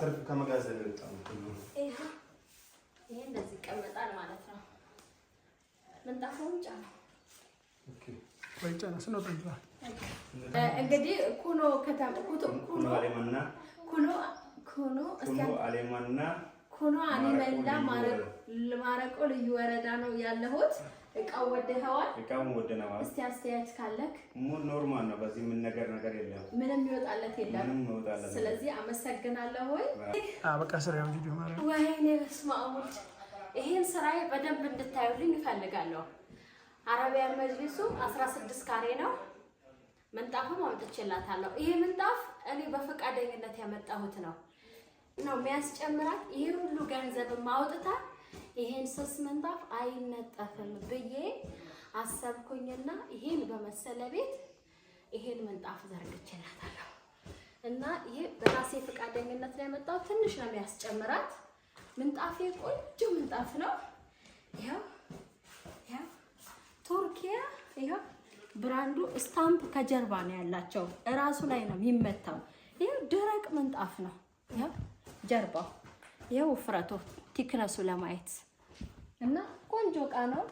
ትርፍ ከመጋዘን የወጣ ነው። ይሄ እንደዚህ ይቀመጣል ማለት ነው። ምንጣፉን ጫና እንግዲህ ኩኖ አሌማና ኩኖ አሌመላ ማረቆ ልዩ ወረዳ ነው ያለሁት። እቃው ወደኸዋል። እቃው ወደነዋል። እስቲ አስተያየት ካለክ። ሙሉ ኖርማል ነው። በዚህ ምን ነገር ነገር የለም። ምንም ይወጣለት የለም። ምንም ይወጣለት። ስለዚህ አመሰግናለሁ። ወይ አበቃ ስራ ነው ቪዲዮ ማለት ወይኔ፣ በስመ አብ ይሄን ስራዬ በደንብ እንድታዩልኝ እፈልጋለሁ። አረቢያን መጅሊሱ 16 ካሬ ነው። ምንጣፍም አምጥቼላታለሁ። ይሄ ምንጣፍ እኔ በፈቃደኝነት ያመጣሁት ነው ነው የሚያስጨምራት ይሄ ሁሉ ገንዘብ ማውጥታ ይሄን ስስ ምንጣፍ አይነጠፍም ብዬ አሰብኩኝና ይሄን በመሰለ ቤት ይሄን ምንጣፍ ዘርግቼላታለሁ እና ይሄ በራሴ ፈቃደኝነት ላይ ያመጣው። ትንሽ ነው የሚያስጨምራት ምንጣፌ፣ ቆንጆ ምንጣፍ ነው። ቱርኪያ፣ ይኸው ብራንዱ ስታምፕ ከጀርባ ነው ያላቸው፣ እራሱ ላይ ነው የሚመታው። ይሄው ደረቅ ምንጣፍ ነው። ጀርባው፣ ይሄው ውፍረቱ ቲክነሱ ለማየት እና ቆንጆ እቃ ነው።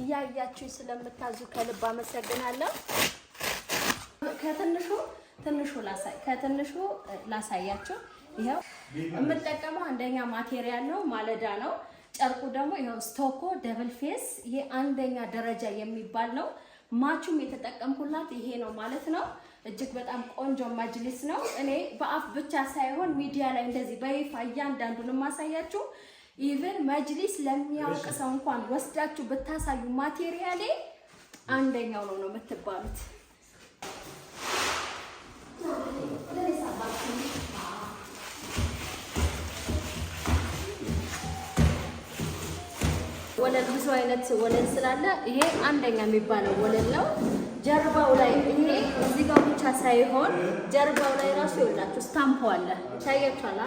እያያችሁ ስለምታዙ ከልብ አመሰግናለሁ። ከትንሹ ትንሹ ላሳይ ከትንሹ ላሳያችሁ። ይኸው የምጠቀመው አንደኛ ማቴሪያል ነው፣ ማለዳ ነው። ጨርቁ ደግሞ ይኸው ስቶኮ ደብል ፌስ አንደኛ ደረጃ የሚባል ነው። ማቹም የተጠቀምኩላት ይሄ ነው ማለት ነው። እጅግ በጣም ቆንጆ መጅሊስ ነው። እኔ በአፍ ብቻ ሳይሆን ሚዲያ ላይ እንደዚህ በይፋ እያንዳንዱን ማሳያችሁ ኢቨን መጅሊስ ለሚያውቅ ሰው እንኳን ወስዳችሁ ብታሳዩ ማቴሪያሌ አንደኛው ነው ነው የምትባሉት። ወለል ብዙ አይነት ወለል ስላለ ይሄ አንደኛ የሚባለው ወለል ነው። ጀርባው ላይ ይሄ እዚህ ጋር ብቻ ሳይሆን ጀርባው ላይ ራሱ ይወላችሁ ስታምፖ አለ ታያችኋል።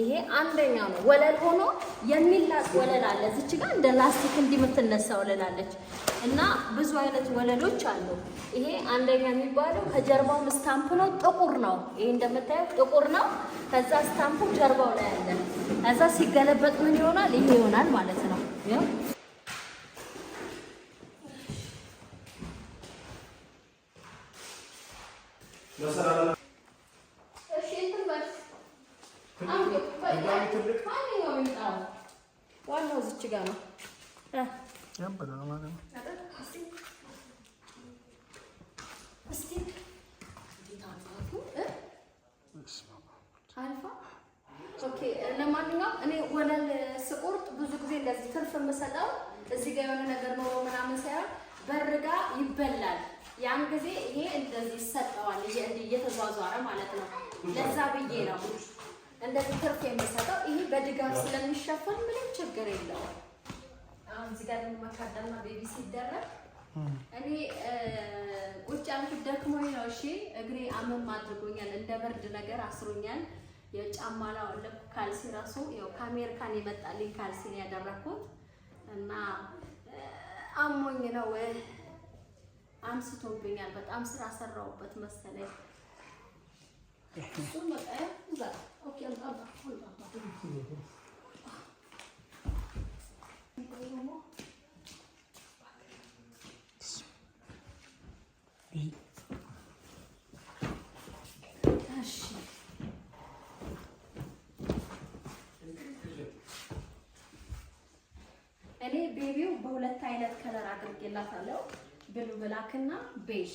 ይሄ አንደኛ ነው። ወለል ሆኖ የሚላጥ ወለል አለ። እዚች ጋር እንደ ላስቲክ እንዲምትነሳ ወለል አለች እና ብዙ አይነት ወለሎች አሉ። ይሄ አንደኛ የሚባለው ከጀርባው ስታምፕ ነው። ጥቁር ነው። ይሄ እንደምታየው ጥቁር ነው። ከዛ ስታምፑ ጀርባው ላይ አለ። ከዛ ሲገለበጥ ምን ይሆናል? ይሄ ይሆናል ማለት ነው። እኔ ወለል ስቁርጥ ብዙ ጊዜ እንደዚህ ትርፍ የምሰጠው እዚህ ጋር የሆነ ነገር ኖሮ ምናምን ሳይሆን በርጋ ይበላል። ያን ጊዜ ይሄ እንደዚህ ይሰጠዋል እየተዟዟረ ማለት ነው። ለዛ ብዬ ነው እንደዚህ ትርፍ የምሰጠው። ይሄ በድጋፍ ስለሚሸፈን ምንም ችግር የለውም። አሁን እዚህ ጋር መካደና ቤቢ ሲደረግ እኔ ቁጭ ያልኩት ደክሞኝ ነው። እሺ እግሬ አመም አድርጎኛል፣ እንደ በርድ ነገር አስሮኛል። የጫማ ላወለኩ ካልሲ ራሱ ያው ከአሜሪካን የመጣልኝ ካልሲ ነው ያደረኩት እና አሞኝ ነው አንስቶብኛል። በጣም ስራ ሰራውበት መሰለኝ። ኦኬ እኔ ቤቢው በሁለት አይነት ከለር አድርጌላታለሁ ብሉ ብላክ እና ቤዥ።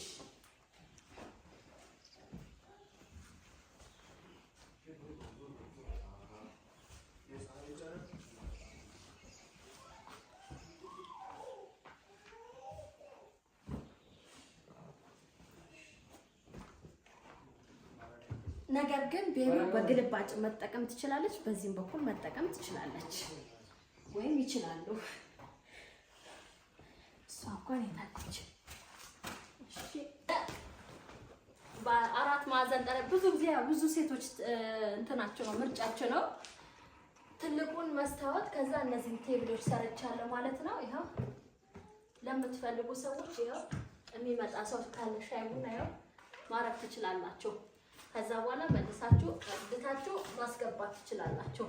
ነገር ግን ቤቢው በግልባጭ መጠቀም ትችላለች፣ በዚህም በኩል መጠቀም ትችላለች። ወይም ይችላሉ። እሷ እንኳን የታለች በአራት ማዕዘን ጠረጴዛ ብዙ ጊዜ ብዙ ሴቶች እንትናቸው ነው ምርጫቸው ነው። ትልቁን መስታወት ከዛ እነዚህን ቴብሎች ሰርቻለሁ ማለት ነው። ይኸው ለምትፈልጉ ሰዎች ይኸው የሚመጣ ሰው ካለ ሻይ ቡና ይኸው ማረግ ትችላላችሁ። ከዛ በኋላ መልሳችሁ አድታችሁ ማስገባት ትችላላችሁ።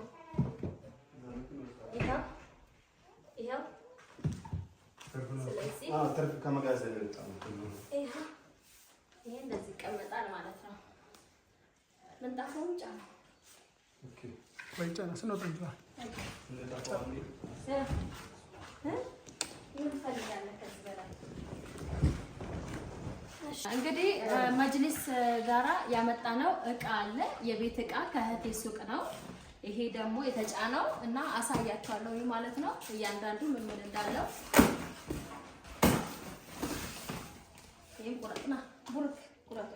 ከመጋዘን ይሄ እንደዚህ ይቀመጣል ማለት ነው። ምንጣፉም ጫና ወይ ጫና ስንወጣ እንችላል። እንግዲህ መጅሊስ ጋራ ያመጣነው እቃ አለ። የቤት እቃ ከእህቴ ሱቅ ነው። ይሄ ደግሞ የተጫነው እና አሳያችኋለሁ ማለት ነው። እያንዳንዱ ምን ምን እንዳለው ይሄን ቁረጥና ቡርክ ቁረጥ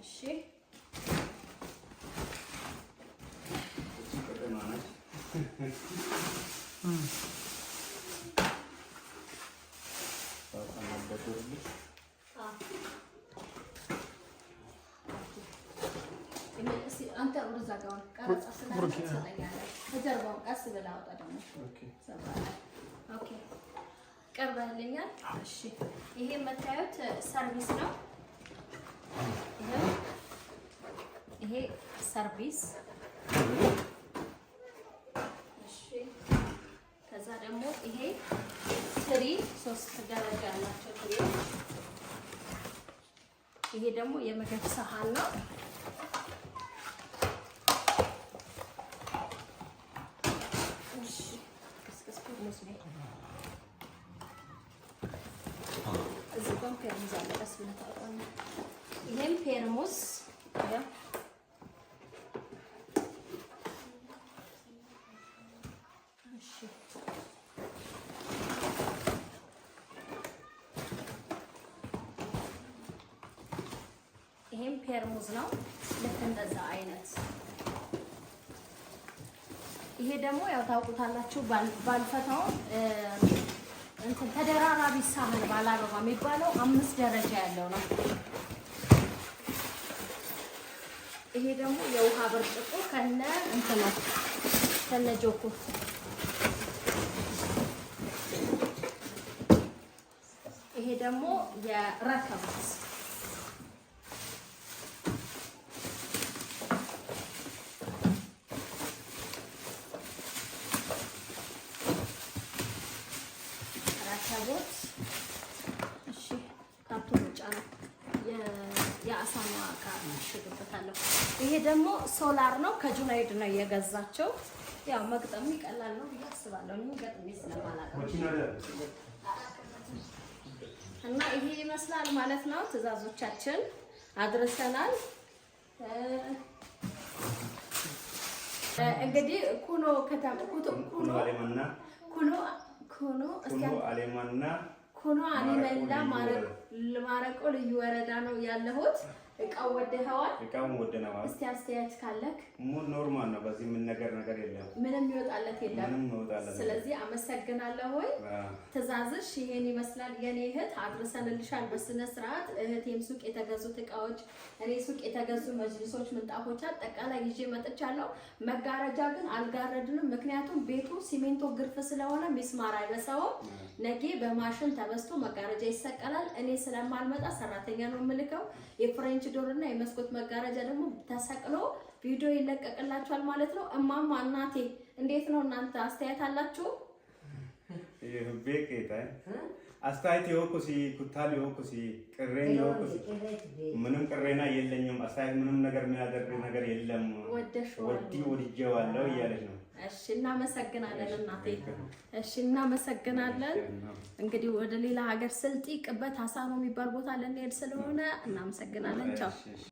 እሺ እ ዘጋውን ቀረጻ ስለሰጠኛለህ ከጀርባውን ቀስ ብለህ እሺ፣ ይሄ የምታዩት ሰርቪስ ነው። ይሄ ሰርቪስ። እሺ፣ ከዛ ደግሞ ይሄ ትሪ፣ ሶስት ደረጃ ያላቸው ትሪ። ይሄ ደግሞ የምግብ ሰሃን ነው። ፔርሙዝ አለ። ቀስ ብለህ ታውቀዋለህ። ይሄም ፔርሙዝ ይሄም ፔርሙዝ ነው። ልክ እንደዛ አይነት ይሄ ደግሞ ያው ታውቁታላችሁ ባልፈታው እንትን ተደራራቢ ሳህን ባለ አበባ የሚባለው አምስት ደረጃ ያለው ነው። ይሄ ደግሞ የውሃ ብርጭቆ ከነ እንትን ከነ ጆኩ ይሄ ደግሞ የረከበት ሽግበታለሁ። ይሄ ደግሞ ሶላር ነው። ከጁናይድ ነው የገዛቸው። ያው መግጠሙ ይቀላል ነው ብዬ አስባለሁ። እኔ ገጥሜ ስለማላውቅ እና ይሄ ይመስላል ማለት ነው። ትዕዛዞቻችን አድርሰናል። እንግዲህ ኩኖ ከተማ ኩኖ አሊመላ ማረቆ ልዩ ወረዳ ነው ያለሁት። እቃው ወደኸዋል? እቃው ወደነዋል። እስቲ አስተያየት ካለክ? ሙሉ ኖርማል ነው። በዚህ ምን ነገር ነገር የለም። ምንም ይወጣለት የለም። ምንም ይወጣለት። ስለዚህ አመሰግናለሁ። ሆይ ትዕዛዝሽ ይሄን ይመስላል። የኔ እህት አድርሰንልሻል በስነ ስርዓት። እህቴም ሱቅ የተገዙት እቃዎች፣ እኔ ሱቅ የተገዙ መጅልሶች፣ ምንጣፎች አጠቃላይ ይዤ መጥቻለሁ። መጋረጃ ግን አልጋረድንም፣ ምክንያቱም ቤቱ ሲሚንቶ ግርፍ ስለሆነ ሚስማር አይበሳውም። ነጌ በማሽን ተበስቶ መጋረጃ ይሰቀላል። እኔ ስለማልመጣ ሰራተኛ ነው የምልከው የፍሬንች ፍሬንች ዶር እና የመስኮት መጋረጃ ደግሞ ተሰቅሎ ቪዲዮ ይለቀቅላችኋል ማለት ነው። እማማ እናቴ እንዴት ነው እናንተ አስተያየት አላችሁ? አስተያየት የወኩሲ ኩታል የወኩሲ ቅሬን የወኩሲ ምንም ቅሬና የለኝም። አስተያየት ምንም ነገር የሚያደርግ ነገር የለም። ወዲ ወድጄዋለሁ እያለች ነው እሺ፣ እናመሰግናለን እናቴ። እሺ፣ እናመሰግናለን። እንግዲህ ወደ ሌላ ሀገር ስልጢ ቅበት ሀሳ ነው የሚባል ቦታ ልንሄድ ስለሆነ እናመሰግናለን። ቻው